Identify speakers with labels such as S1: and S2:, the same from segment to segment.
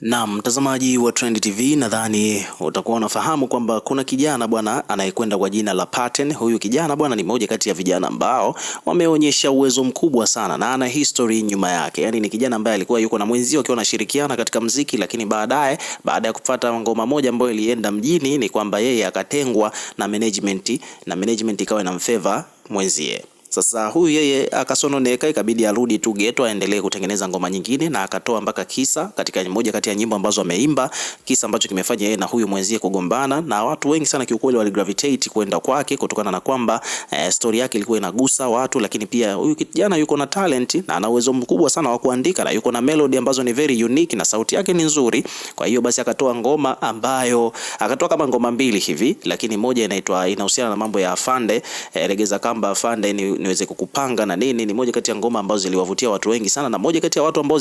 S1: Na mtazamaji wa Trend TV, nadhani utakuwa unafahamu kwamba kuna kijana bwana anayekwenda kwa jina la Paten. Huyu kijana bwana ni moja kati ya vijana ambao wameonyesha uwezo mkubwa sana na ana history nyuma yake, yaani ni kijana ambaye alikuwa yuko na mwenzio akiwa anashirikiana katika mziki, lakini baadaye, baada ya kupata ngoma moja ambayo ilienda mjini, ni kwamba yeye akatengwa na management na management ikawa na mfeva mwenzie. Sasa huyu yeye akasononeka, ikabidi arudi tu geto aendelee kutengeneza ngoma nyingine, na akatoa mpaka kisa katika moja kati ya nyimbo ambazo ameimba, kisa ambacho kimefanya yeye na huyu mwenzie kugombana, na watu wengi sana kiukweli wali gravitate kwenda kwake kutokana na kwamba eh, story yake ilikuwa inagusa watu, lakini pia huyu kijana yuko na talent na ana uwezo mkubwa sana wa kuandika na yuko na melody ambazo ni very unique na sauti yake ni nzuri. Kwa hiyo basi akatoa ngoma ambayo akatoa kama ngoma mbili hivi, lakini moja inaitwa inahusiana na mambo ya afande, eh, legeza kamba afande ni niweze kukupanga na nini, ni moja kati ya ngoma ambazo ziliwavutia watu wengi sana, na moja kati ya watu ambao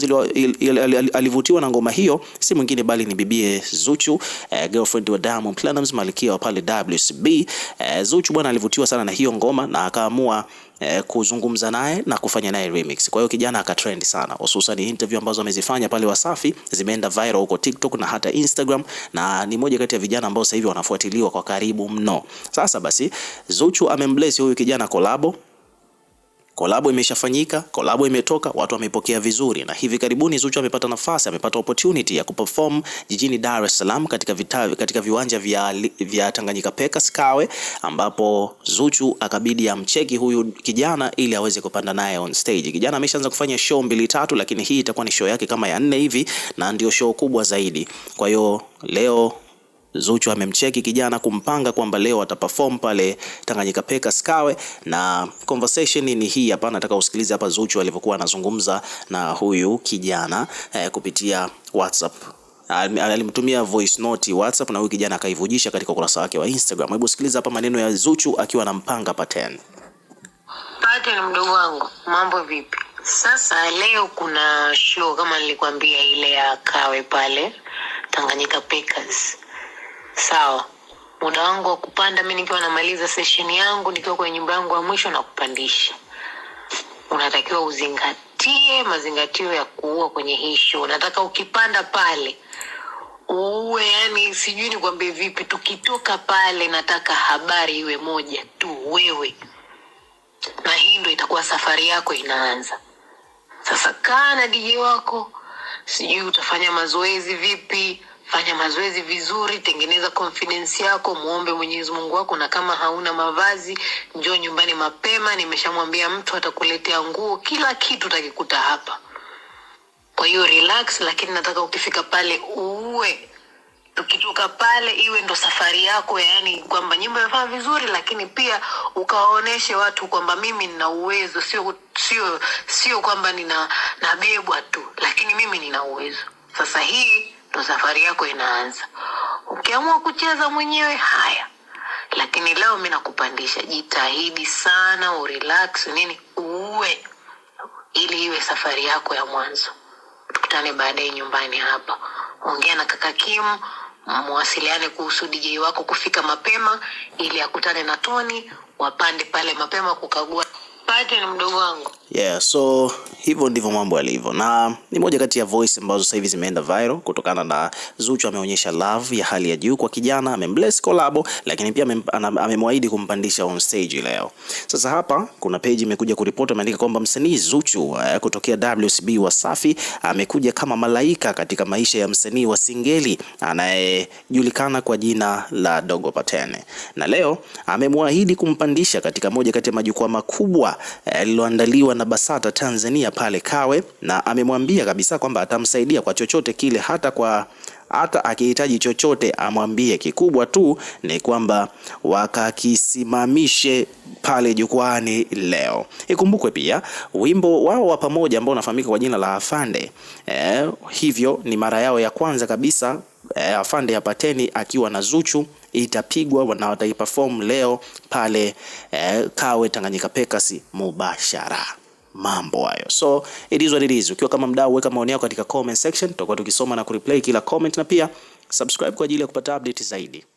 S1: alivutiwa na ngoma hiyo si mwingine bali ni bibie Zuchu, eh, girlfriend wa Diamond Platnumz, malkia wa pale WCB. Eh, Zuchu bwana alivutiwa sana na hiyo ngoma na akaamua Eh, kuzungumza naye na kufanya naye remix. Kwa hiyo kijana akatrend sana, hususan interview ambazo amezifanya pale Wasafi zimeenda viral huko TikTok na hata Instagram, na ni moja kati ya vijana ambao sasa hivi wanafuatiliwa kwa karibu mno. Sasa basi Zuchu amembless huyu kijana kolabo Kolabo imeshafanyika, kolabo imetoka, watu wamepokea vizuri, na hivi karibuni Zuchu amepata nafasi, amepata opportunity ya kuperform jijini Dar es Salaam katika, vitavi, katika viwanja vya, vya Tanganyika Packers Kawe, ambapo Zuchu akabidi amcheki huyu kijana ili aweze kupanda naye on stage. Kijana ameshaanza kufanya show mbili tatu, lakini hii itakuwa ni show yake kama ya nne hivi na ndio show kubwa zaidi. Kwa hiyo leo Zuchu amemcheki kijana kumpanga kwamba leo ataperform pale Tanganyika Peka Kawe, na conversation ni hii hapa. Nataka usikilize hapa Zuchu alivyokuwa anazungumza na huyu kijana eh, kupitia WhatsApp alimtumia voice note WhatsApp na huyu kijana akaivujisha katika ukurasa wake wa Instagram. Hebu sikiliza hapa maneno ya Zuchu akiwa anampanga Paten.
S2: Paten, mdogo wangu, mambo vipi? Sasa leo kuna show kama nilikwambia ile ya Kawe pale Tanganyika Packers sawa muda wangu wa kupanda mi nikiwa namaliza sesheni yangu nikiwa kwenye nyumba yangu ya mwisho na kupandisha unatakiwa uzingatie mazingatio ya kuua kwenye hii show unataka ukipanda pale uue yani sijui nikwambie vipi tukitoka pale nataka habari iwe moja tu wewe na hii ndo itakuwa safari yako inaanza sasa kaa na dj wako sijui utafanya mazoezi vipi fanya mazoezi vizuri, tengeneza confidence yako, muombe Mwenyezi Mungu wako, na kama hauna mavazi njoo nyumbani mapema. Nimeshamwambia mtu atakuletea nguo, kila kitu takikuta hapa. Kwa hiyo relax, lakini nataka ukifika pale uue tukitoka pale iwe ndo safari yako, yaani kwamba nyumba imefaa vizuri, lakini pia ukawaoneshe watu kwamba mimi nina uwezo, sio sio sio kwamba nina nabebwa tu, lakini mimi nina uwezo. Sasa hii ndo safari yako inaanza. Ukiamua kucheza mwenyewe, haya, lakini leo mi nakupandisha. Jitahidi sana, urelax nini, uue ili iwe safari yako ya mwanzo. Tukutane baadaye nyumbani hapa, ongea na kaka kimu mwasiliane kuhusu DJ wako kufika mapema ili akutane na toni wapande pale mapema kukagua. Pate ni mdogo wangu.
S1: Yeah, so hivyo ndivyo mambo yalivyo, na ni moja kati ya voice ambazo sasa hivi zimeenda viral kutokana na Zuchu ameonyesha love ya hali ya juu kwa kijana, amembless collab, lakini pia amemwahidi kumpandisha on stage leo. Sasa hapa kuna page imekuja kuripoti, ameandika kwamba msanii Zuchu eh, kutokea WCB Wasafi amekuja kama malaika katika maisha ya msanii wa Singeli anayejulikana kwa jina la Dogo Patene, na leo amemwahidi kumpandisha katika moja kati ya majukwaa makubwa eh, yaliyoandaliwa na Basata Tanzania pale Kawe, na amemwambia kabisa kwamba atamsaidia kwa chochote kile, hata kwa hata akihitaji chochote amwambie. Kikubwa tu ni kwamba wakakisimamishe pale jukwani leo. Ikumbukwe pia wimbo wao wa pamoja ambao unafahamika kwa jina la Afande. Eh, hivyo ni mara yao ya kwanza kabisa eh, Afande ya Pateni akiwa na Zuchu itapigwa na wataiperform leo pale eh, Kawe Tanganyika Pekasi mubashara mambo hayo. So it is what it is. Ukiwa kama mdau, weka maoni yako katika comment section, tutakuwa tukisoma na kureplay kila comment, na pia subscribe kwa ajili ya kupata update zaidi.